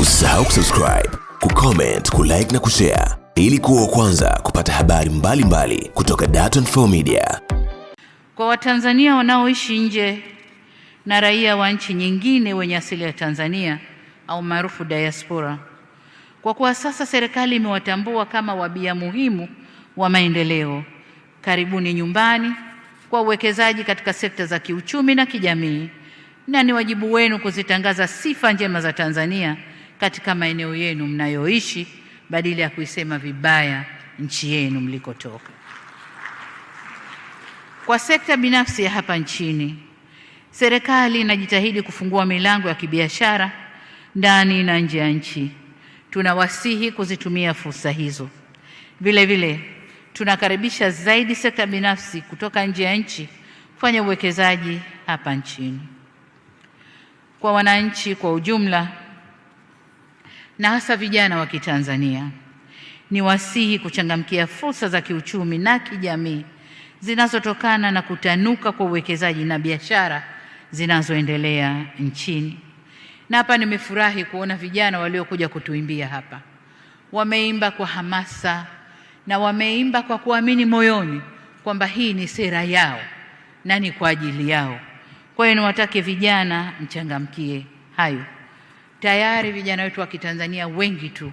Usisahau kusubscribe, kucomment, kulike na kushare ili kuwa kwanza kupata habari mbalimbali mbali kutoka Dar24 Media. Kwa Watanzania wanaoishi nje na raia wa nchi nyingine wenye asili ya Tanzania au maarufu diaspora, kwa kuwa sasa serikali imewatambua kama wabia muhimu wa maendeleo, karibuni nyumbani kwa uwekezaji katika sekta za kiuchumi na kijamii, na ni wajibu wenu kuzitangaza sifa njema za Tanzania katika maeneo yenu mnayoishi badala ya kuisema vibaya nchi yenu mlikotoka. Kwa sekta binafsi ya hapa nchini, serikali inajitahidi kufungua milango ya kibiashara ndani na nje ya nchi. Tunawasihi kuzitumia fursa hizo. Vile vile tunakaribisha zaidi sekta binafsi kutoka nje ya nchi kufanya uwekezaji hapa nchini. Kwa wananchi kwa ujumla, na hasa vijana wa Kitanzania. Niwasihi kuchangamkia fursa za kiuchumi na kijamii zinazotokana na kutanuka kwa uwekezaji na biashara zinazoendelea nchini. Na hapa nimefurahi kuona vijana waliokuja kutuimbia hapa wameimba kwa hamasa na wameimba kwa kuamini moyoni kwamba hii ni sera yao na ni kwa ajili yao. Kwa hiyo niwatake vijana mchangamkie hayo. Tayari vijana wetu wa Kitanzania wengi tu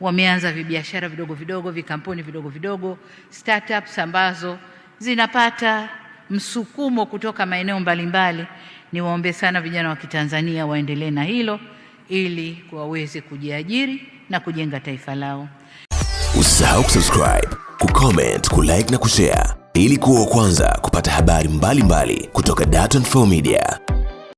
wameanza vibiashara vidogo vidogo, vikampuni vidogo vidogo, startups ambazo zinapata msukumo kutoka maeneo mbalimbali. Niwaombe sana vijana wa Kitanzania waendelee na hilo ili waweze kujiajiri na kujenga taifa lao. Usisahau kusubscribe, kucomment, kulike na kushare ili kuwa wa kwanza kupata habari mbalimbali mbali kutoka Dar24 Media.